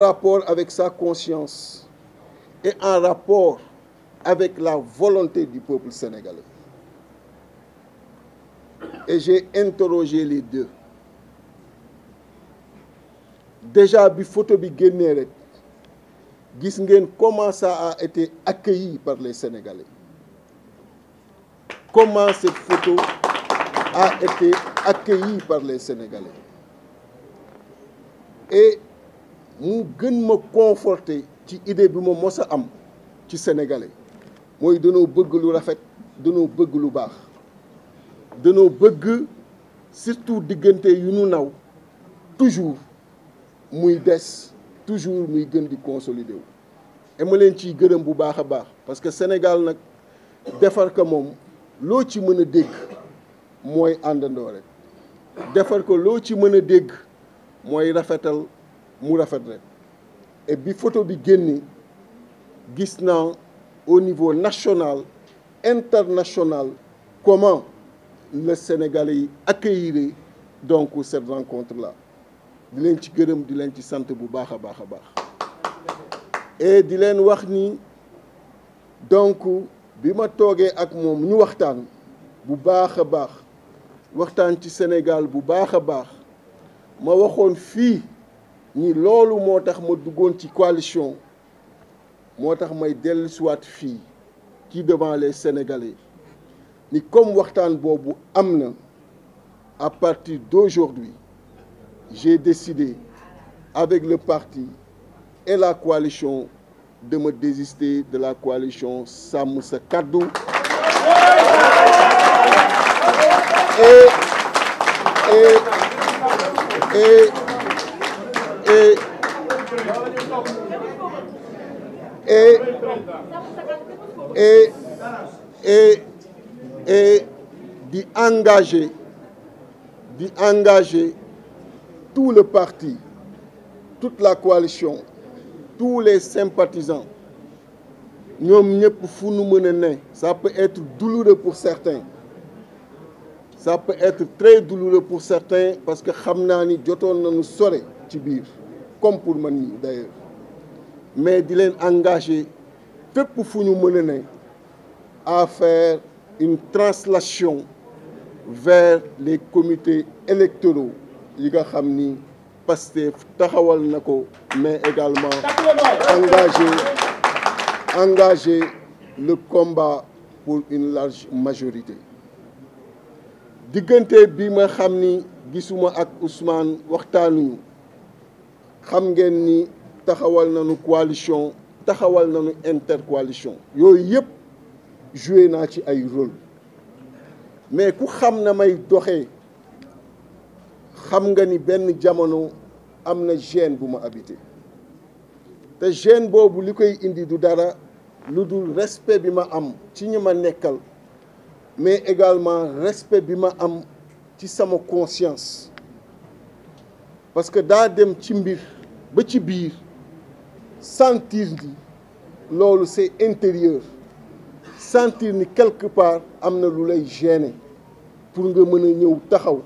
rapport avec sa conscience et en rapport avec la volonté du peuple sénégalais. Et j'ai interrogé les deux. Déjà, bi photo bi génnee gis ngeen comment ça a été accueilli par les Sénégalais. mu gën ma conforté ci idée bi ma mos a am ci sénégalais mooy danoo bëgg lu rafet danoo bëgg lu baax danoo bëgg surtout diggante yu nu naw toujours muy des toujours muy gën di consolider wu. et leen ciy gërëm bu baax a baax parce que Sénégal nag defar ko moom loo ci mën a dégg mooy àndandoo rek defar ko loo ci mën a dégg mooy rafetal. mu rafet rek bi photo bi génni gis naa au niveau national international comment le Sénégalais yi accueillir donc cette rencontre là di leen ci gërëm di leen ci sant bu baax a baax a baax et di leen wax ni donc bi ma toogee ak moom ñu waxtaan bu baax a baax waxtaan ci Sénégal bu baax a baax ma waxoon fii ni loolu moo tax ma duggoon ci coalition moo tax may dellu siwaat fii ci devant les Sénégalais ni comme waxtaan boobu am na à partir d'aujourd'hui j'ai décidé avec le parti et la coalition de me désister de la coalition Sàmm Sa Kàddu et et et et et et et et di engager di engager tout le parti toute la coalition tous les sympathisants ñoom ñëpp fu nu mën a ne ça peut être douloureux pour certains ça peut être très douloureux pour certains parce que xam naa ni jotoon nañu sore ci biir comme pour man mii d'ailleurs mais di leen engagé fépp fu ñu mën a ne à faire une translation vers les comités électoraux yi nga xam ni Pastef taxawal na ko mais également engagé engagé le combat pour une large majorité diggante bi ma xam ni gisuma ak Ousmane waxtaanuñu xam ngeen ni taxawal nañu coalition taxawal nañu intercoalition yooyu yëpp joué naa ci ay rôle mais ku xam na may doxee xam nga ni benn jamono am na gêne bu ma habité te gêne boobu li koy indi du dara lu dul respect bi ma am ci ñu ma nekkal mais également respect bi ma am ci sama conscience parce que daa dem ci mbir ba ci biir sentir gi loolu c'est intérieur sentir ni quelque part am na lu lay gêner pour nga mën a ñëw taxaw